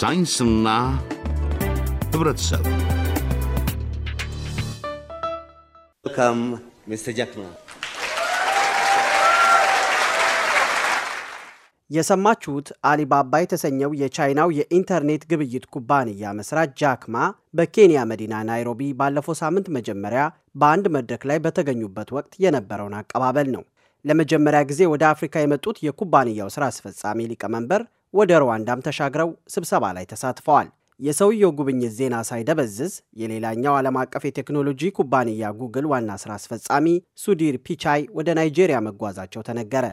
ሳይንስና ህብረተሰብ ካም ሚስተር ጃክማን የሰማችሁት አሊባባ የተሰኘው የቻይናው የኢንተርኔት ግብይት ኩባንያ መስራች ጃክማ በኬንያ መዲና ናይሮቢ ባለፈው ሳምንት መጀመሪያ በአንድ መድረክ ላይ በተገኙበት ወቅት የነበረውን አቀባበል ነው። ለመጀመሪያ ጊዜ ወደ አፍሪካ የመጡት የኩባንያው ሥራ አስፈጻሚ ሊቀመንበር ወደ ሩዋንዳም ተሻግረው ስብሰባ ላይ ተሳትፈዋል። የሰውየው ጉብኝት ዜና ሳይደበዝዝ የሌላኛው ዓለም አቀፍ የቴክኖሎጂ ኩባንያ ጉግል ዋና ሥራ አስፈጻሚ ሱዲር ፒቻይ ወደ ናይጄሪያ መጓዛቸው ተነገረ።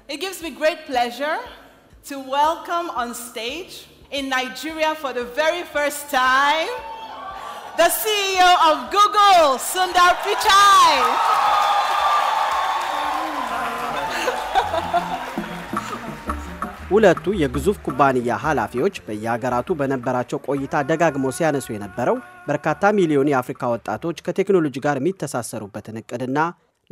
ጉግል ሱንዳር ፒቻይ ሁለቱ የግዙፍ ኩባንያ ኃላፊዎች በየሀገራቱ በነበራቸው ቆይታ ደጋግመው ሲያነሱ የነበረው በርካታ ሚሊዮን የአፍሪካ ወጣቶች ከቴክኖሎጂ ጋር የሚተሳሰሩበትን እቅድና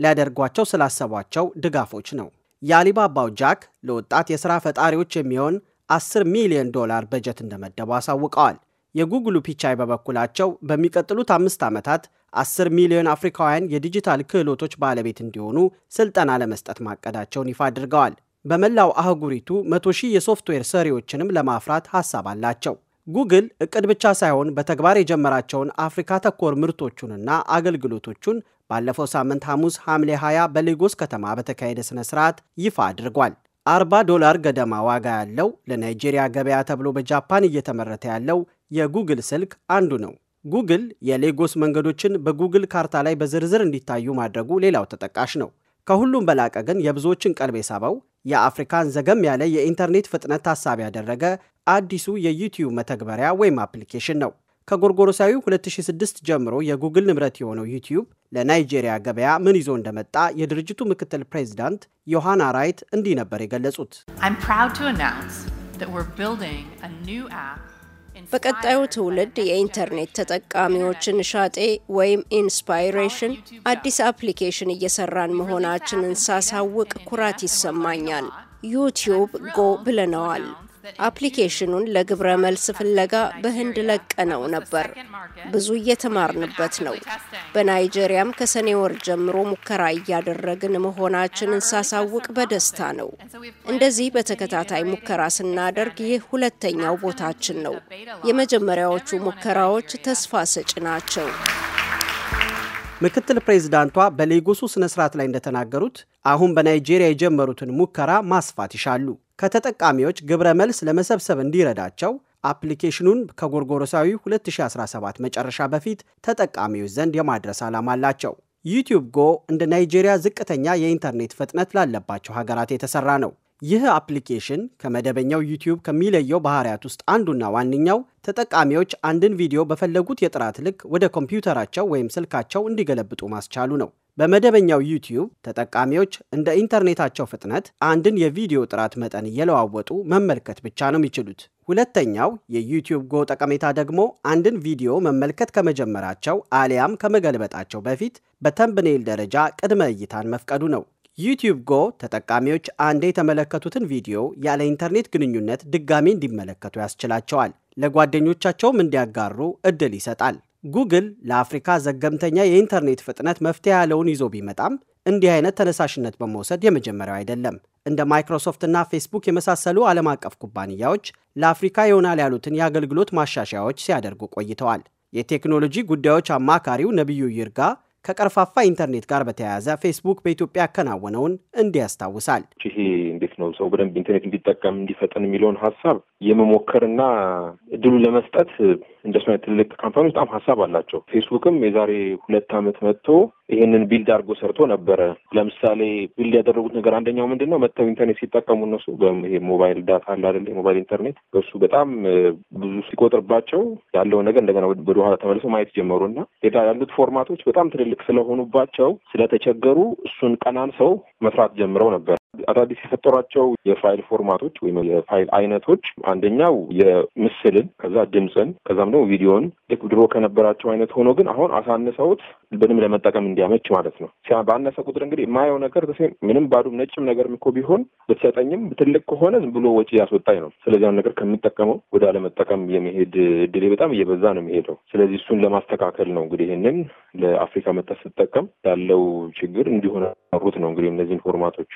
ሊያደርጓቸው ስላሰቧቸው ድጋፎች ነው። የአሊባባው ጃክ ለወጣት የሥራ ፈጣሪዎች የሚሆን 10 ሚሊዮን ዶላር በጀት እንደመደቡ አሳውቀዋል። የጉግሉ ፒቻይ በበኩላቸው በሚቀጥሉት አምስት ዓመታት 10 ሚሊዮን አፍሪካውያን የዲጂታል ክህሎቶች ባለቤት እንዲሆኑ ስልጠና ለመስጠት ማቀዳቸውን ይፋ አድርገዋል። በመላው አህጉሪቱ መቶ ሺህ የሶፍትዌር ሰሪዎችንም ለማፍራት ሐሳብ አላቸው። ጉግል እቅድ ብቻ ሳይሆን በተግባር የጀመራቸውን አፍሪካ ተኮር ምርቶቹንና አገልግሎቶቹን ባለፈው ሳምንት ሐሙስ ሐምሌ 20 በሌጎስ ከተማ በተካሄደ ሥነ ሥርዓት ይፋ አድርጓል። 40 ዶላር ገደማ ዋጋ ያለው ለናይጄሪያ ገበያ ተብሎ በጃፓን እየተመረተ ያለው የጉግል ስልክ አንዱ ነው። ጉግል የሌጎስ መንገዶችን በጉግል ካርታ ላይ በዝርዝር እንዲታዩ ማድረጉ ሌላው ተጠቃሽ ነው። ከሁሉም በላቀ ግን የብዙዎችን ቀልብ የሳበው የአፍሪካን ዘገም ያለ የኢንተርኔት ፍጥነት ታሳቢ ያደረገ አዲሱ የዩቲዩብ መተግበሪያ ወይም አፕሊኬሽን ነው። ከጎርጎሮሳዊ 2006 ጀምሮ የጉግል ንብረት የሆነው ዩቲዩብ ለናይጄሪያ ገበያ ምን ይዞ እንደመጣ የድርጅቱ ምክትል ፕሬዚዳንት ዮሐና ራይት እንዲህ ነበር የገለጹት። በቀጣዩ ትውልድ የኢንተርኔት ተጠቃሚዎችን ሻጤ ወይም ኢንስፓይሬሽን አዲስ አፕሊኬሽን እየሰራን መሆናችንን ሳሳውቅ ኩራት ይሰማኛል። ዩቲዩብ ጎ ብለነዋል። አፕሊኬሽኑን ለግብረ መልስ ፍለጋ በህንድ ለቀነው ነበር። ብዙ እየተማርንበት ነው። በናይጄሪያም ከሰኔ ወር ጀምሮ ሙከራ እያደረግን መሆናችንን ሳሳውቅ በደስታ ነው። እንደዚህ በተከታታይ ሙከራ ስናደርግ ይህ ሁለተኛው ቦታችን ነው። የመጀመሪያዎቹ ሙከራዎች ተስፋ ሰጪ ናቸው። ምክትል ፕሬዚዳንቷ በሌጎሱ ስነ ስርዓት ላይ እንደተናገሩት አሁን በናይጄሪያ የጀመሩትን ሙከራ ማስፋት ይሻሉ። ከተጠቃሚዎች ግብረ መልስ ለመሰብሰብ እንዲረዳቸው አፕሊኬሽኑን ከጎርጎሮሳዊ 2017 መጨረሻ በፊት ተጠቃሚዎች ዘንድ የማድረስ ዓላማ አላቸው። ዩቲዩብ ጎ እንደ ናይጄሪያ ዝቅተኛ የኢንተርኔት ፍጥነት ላለባቸው ሀገራት የተሰራ ነው። ይህ አፕሊኬሽን ከመደበኛው ዩቲዩብ ከሚለየው ባህሪያት ውስጥ አንዱና ዋነኛው ተጠቃሚዎች አንድን ቪዲዮ በፈለጉት የጥራት ልክ ወደ ኮምፒውተራቸው ወይም ስልካቸው እንዲገለብጡ ማስቻሉ ነው። በመደበኛው ዩቲዩብ ተጠቃሚዎች እንደ ኢንተርኔታቸው ፍጥነት አንድን የቪዲዮ ጥራት መጠን እየለዋወጡ መመልከት ብቻ ነው የሚችሉት። ሁለተኛው የዩቲዩብ ጎ ጠቀሜታ ደግሞ አንድን ቪዲዮ መመልከት ከመጀመራቸው አሊያም ከመገልበጣቸው በፊት በተምብኔል ደረጃ ቅድመ እይታን መፍቀዱ ነው። ዩቲዩብ ጎ ተጠቃሚዎች አንዴ የተመለከቱትን ቪዲዮ ያለ ኢንተርኔት ግንኙነት ድጋሜ እንዲመለከቱ ያስችላቸዋል። ለጓደኞቻቸውም እንዲያጋሩ እድል ይሰጣል። ጉግል ለአፍሪካ ዘገምተኛ የኢንተርኔት ፍጥነት መፍትሄ ያለውን ይዞ ቢመጣም እንዲህ አይነት ተነሳሽነት በመውሰድ የመጀመሪያው አይደለም። እንደ ማይክሮሶፍትና ፌስቡክ የመሳሰሉ ዓለም አቀፍ ኩባንያዎች ለአፍሪካ ይሆናል ያሉትን የአገልግሎት ማሻሻያዎች ሲያደርጉ ቆይተዋል። የቴክኖሎጂ ጉዳዮች አማካሪው ነቢዩ ይርጋ ከቀርፋፋ ኢንተርኔት ጋር በተያያዘ ፌስቡክ በኢትዮጵያ ያከናወነውን እንዲህ ያስታውሳል። ይሄ እንዴት ነው ሰው በደንብ ኢንተርኔት እንዲጠቀም እንዲፈጠን የሚለውን ሀሳብ የመሞከርና እድሉ ለመስጠት እንደሱ አይነት ትልቅ ካምፓኒዎች በጣም ሀሳብ አላቸው። ፌስቡክም የዛሬ ሁለት ዓመት መጥቶ ይህንን ቢልድ አድርጎ ሰርቶ ነበረ። ለምሳሌ ቢልድ ያደረጉት ነገር አንደኛው ምንድን ነው መጥተው ኢንተርኔት ሲጠቀሙ እነሱ ሞባይል ዳታ አለ አይደለ? ሞባይል ኢንተርኔት በሱ በጣም ብዙ ሲቆጥርባቸው ያለውን ነገር እንደገና ወደኋላ ተመልሶ ማየት ጀመሩ እና ያሉት ፎርማቶች በጣም ትልል ትልቅ ስለሆኑባቸው ስለተቸገሩ እሱን ቀናን ሰው መስራት ጀምረው ነበር። አዳዲስ የፈጠሯቸው የፋይል ፎርማቶች ወይም የፋይል አይነቶች አንደኛው የምስልን ከዛ ድምፅን ከዛም ደግሞ ቪዲዮን ልክ ድሮ ከነበራቸው አይነት ሆኖ ግን አሁን አሳንሰውት ብንም ለመጠቀም እንዲያመች ማለት ነው። ባነሰ ቁጥር እንግዲህ የማየው ነገር ምንም ባዱም ነጭም ነገር እኮ ቢሆን ብትሰጠኝም ትልቅ ከሆነ ዝም ብሎ ወጪ ያስወጣኝ ነው። ስለዚህ ያን ነገር ከምጠቀመው ወደ አለመጠቀም የመሄድ እድሌ በጣም እየበዛ ነው የሚሄደው። ስለዚህ እሱን ለማስተካከል ነው እንግዲህ ይህንን ለአፍሪካ መታ ስጠቀም ያለው ችግር እንዲሆነ ሩት ነው እንግዲህ እነዚህን ፎርማቶች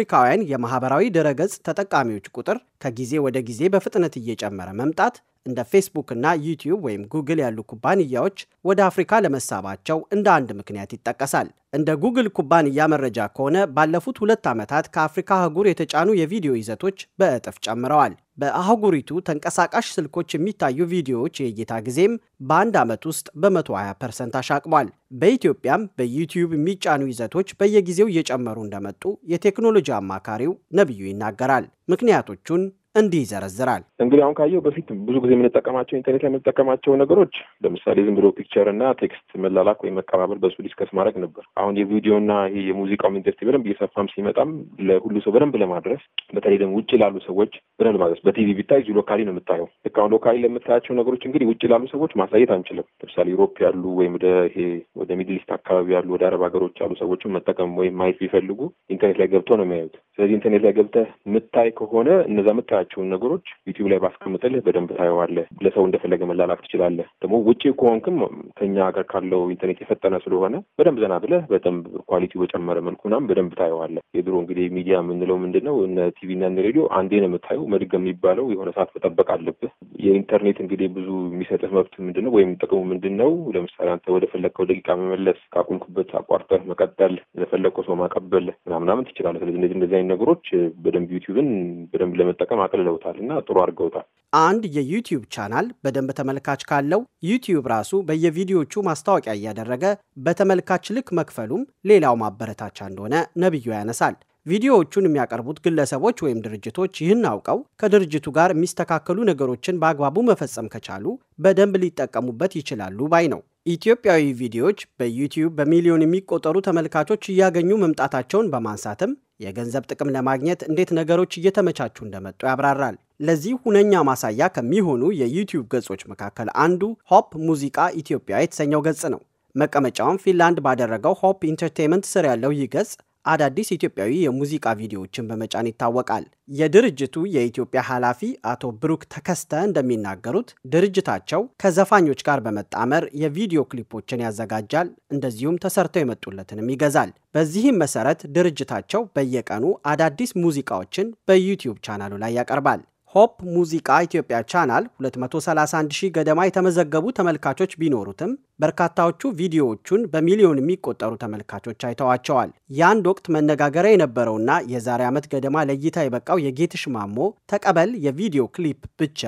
የአፍሪካውያን የማህበራዊ ድረገጽ ተጠቃሚዎች ቁጥር ከጊዜ ወደ ጊዜ በፍጥነት እየጨመረ መምጣት እንደ ፌስቡክ እና ዩቲዩብ ወይም ጉግል ያሉ ኩባንያዎች ወደ አፍሪካ ለመሳባቸው እንደ አንድ ምክንያት ይጠቀሳል። እንደ ጉግል ኩባንያ መረጃ ከሆነ ባለፉት ሁለት ዓመታት ከአፍሪካ አህጉር የተጫኑ የቪዲዮ ይዘቶች በእጥፍ ጨምረዋል። በአህጉሪቱ ተንቀሳቃሽ ስልኮች የሚታዩ ቪዲዮዎች የእይታ ጊዜም በአንድ ዓመት ውስጥ በ120 ፐርሰንት አሻቅቧል። በኢትዮጵያም በዩቲዩብ የሚጫኑ ይዘቶች በየጊዜው እየጨመሩ እንደመጡ የቴክኖሎጂ አማካሪው ነቢዩ ይናገራል። ምክንያቶቹን እንዲህ ይዘረዝራል። እንግዲህ አሁን ካየው በፊት ብዙ ጊዜ የምንጠቀማቸው ኢንተርኔት ላይ የምንጠቀማቸው ነገሮች ለምሳሌ ዝም ብሎ ፒክቸር እና ቴክስት መላላክ ወይም መቀባበል በሱ ዲስከስ ማድረግ ነበር። አሁን የቪዲዮና ይሄ የሙዚቃው ኢንዱስትሪ በደንብ እየሰፋም ሲመጣም ለሁሉ ሰው በደንብ ለማድረስ በተለይ ደግሞ ውጭ ላሉ ሰዎች በደንብ ማድረስ በቲቪ ቢታይ እዚሁ ሎካሊ ነው የምታየው። ልክ አሁን ሎካሊ ለምታያቸው ነገሮች እንግዲህ ውጭ ላሉ ሰዎች ማሳየት አንችልም። ለምሳሌ ዩሮፕ ያሉ ወይም ወደ ይሄ ወደ ሚድል ኢስት አካባቢ ያሉ ወደ አረብ ሀገሮች ያሉ ሰዎችን መጠቀም ወይም ማየት ቢፈልጉ ኢንተርኔት ላይ ገብቶ ነው የሚያዩት። ስለዚህ ኢንተርኔት ላይ ገብተህ ምታይ ከሆነ እነዛ ምታያቸው የምትላቸውን ነገሮች ዩቲዩብ ላይ ባስቀምጥልህ በደንብ ታየዋለህ። ለሰው እንደፈለገ መላላክ ትችላለህ። ደግሞ ውጭ ከሆንክም ከኛ ሀገር ካለው ኢንተርኔት የፈጠነ ስለሆነ በደንብ ዘና ብለህ በደንብ ኳሊቲ በጨመረ መልኩ ምናምን በደንብ ታየዋለህ። የድሮ እንግዲህ ሚዲያ የምንለው ምንድን ነው? እነ ቲቪና እነ ሬዲዮ አንዴ ነው የምታየው። መድገም የሚባለው የሆነ ሰዓት መጠበቅ አለብህ። የኢንተርኔት እንግዲህ ብዙ የሚሰጥህ መብት ምንድን ነው ወይም ጥቅሙ ምንድን ነው? ለምሳሌ አንተ ወደ ፈለግከው ደቂቃ መመለስ፣ ካቆምኩበት አቋርጠህ መቀጠል፣ ለፈለግከው ሰው ማቀበል ምናምናምን ትችላለህ። ስለዚህ እነዚህ እንደዚህ አይነት ነገሮች በደንብ ዩቲዩብን በደንብ ለመጠቀም አቅልለውታል እና ጥሩ አድርገውታል። አንድ የዩቲዩብ ቻናል በደንብ ተመልካች ካለው ዩቲዩብ ራሱ በየቪዲዮቹ ማስታወቂያ እያደረገ በተመልካች ልክ መክፈሉም ሌላው ማበረታቻ እንደሆነ ነብዩ ያነሳል። ቪዲዮዎቹን የሚያቀርቡት ግለሰቦች ወይም ድርጅቶች ይህን አውቀው ከድርጅቱ ጋር የሚስተካከሉ ነገሮችን በአግባቡ መፈጸም ከቻሉ በደንብ ሊጠቀሙበት ይችላሉ ባይ ነው። ኢትዮጵያዊ ቪዲዮዎች በዩቲዩብ በሚሊዮን የሚቆጠሩ ተመልካቾች እያገኙ መምጣታቸውን በማንሳትም የገንዘብ ጥቅም ለማግኘት እንዴት ነገሮች እየተመቻቹ እንደመጡ ያብራራል። ለዚህ ሁነኛ ማሳያ ከሚሆኑ የዩቲዩብ ገጾች መካከል አንዱ ሆፕ ሙዚቃ ኢትዮጵያ የተሰኘው ገጽ ነው። መቀመጫውን ፊንላንድ ባደረገው ሆፕ ኢንተርቴንመንት ስር ያለው ይህ ገጽ አዳዲስ ኢትዮጵያዊ የሙዚቃ ቪዲዮዎችን በመጫን ይታወቃል። የድርጅቱ የኢትዮጵያ ኃላፊ አቶ ብሩክ ተከስተ እንደሚናገሩት ድርጅታቸው ከዘፋኞች ጋር በመጣመር የቪዲዮ ክሊፖችን ያዘጋጃል፣ እንደዚሁም ተሰርተው የመጡለትንም ይገዛል። በዚህም መሰረት ድርጅታቸው በየቀኑ አዳዲስ ሙዚቃዎችን በዩቲዩብ ቻናሉ ላይ ያቀርባል። ሆፕ ሙዚቃ ኢትዮጵያ ቻናል 231 ሺህ ገደማ የተመዘገቡ ተመልካቾች ቢኖሩትም በርካታዎቹ ቪዲዮዎቹን በሚሊዮን የሚቆጠሩ ተመልካቾች አይተዋቸዋል። የአንድ ወቅት መነጋገሪያ የነበረውና የዛሬ ዓመት ገደማ ለእይታ የበቃው የጌትሽ ማሞ ተቀበል የቪዲዮ ክሊፕ ብቻ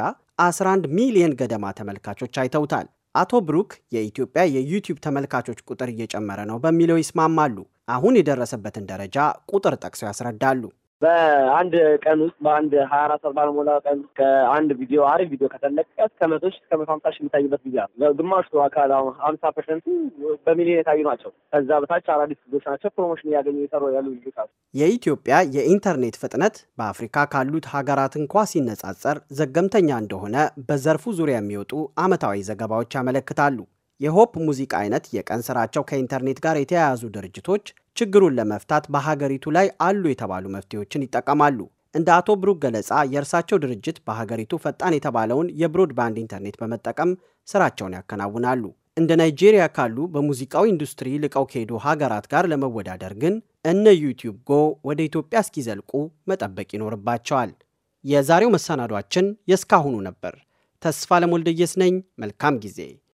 11 ሚሊዮን ገደማ ተመልካቾች አይተውታል። አቶ ብሩክ የኢትዮጵያ የዩቲዩብ ተመልካቾች ቁጥር እየጨመረ ነው በሚለው ይስማማሉ። አሁን የደረሰበትን ደረጃ ቁጥር ጠቅሰው ያስረዳሉ። በአንድ ቀን ውስጥ በአንድ ሀያ አራት ሰዓት ባልሞላ ቀን ከአንድ ቪዲዮ አሪፍ ቪዲዮ ከተለቀቀ እስከ መቶ ሺህ እስከ መቶ ሀምሳ ሺህ የሚታይበት ጊዜ አለ። ግማሹ አካል አሁን ሀምሳ ፐርሰንቱ በሚሊዮን የታዩ ናቸው። ከዛ በታች አዳዲስ ልጆች ናቸው። ፕሮሞሽን እያገኙ የሰሩ ያሉ ልጆች ናቸው። የኢትዮጵያ የኢንተርኔት ፍጥነት በአፍሪካ ካሉት ሀገራት እንኳ ሲነጻጸር ዘገምተኛ እንደሆነ በዘርፉ ዙሪያ የሚወጡ አመታዊ ዘገባዎች ያመለክታሉ። የሆፕ ሙዚቃ አይነት የቀን ስራቸው ከኢንተርኔት ጋር የተያያዙ ድርጅቶች ችግሩን ለመፍታት በሀገሪቱ ላይ አሉ የተባሉ መፍትሄዎችን ይጠቀማሉ። እንደ አቶ ብሩክ ገለጻ የእርሳቸው ድርጅት በሀገሪቱ ፈጣን የተባለውን የብሮድባንድ ኢንተርኔት በመጠቀም ስራቸውን ያከናውናሉ። እንደ ናይጄሪያ ካሉ በሙዚቃው ኢንዱስትሪ ልቀው ከሄዱ ሀገራት ጋር ለመወዳደር ግን እነ ዩቲዩብ ጎ ወደ ኢትዮጵያ እስኪዘልቁ መጠበቅ ይኖርባቸዋል። የዛሬው መሰናዷችን የእስካሁኑ ነበር። ተስፋ ለሞልደየስ ነኝ። መልካም ጊዜ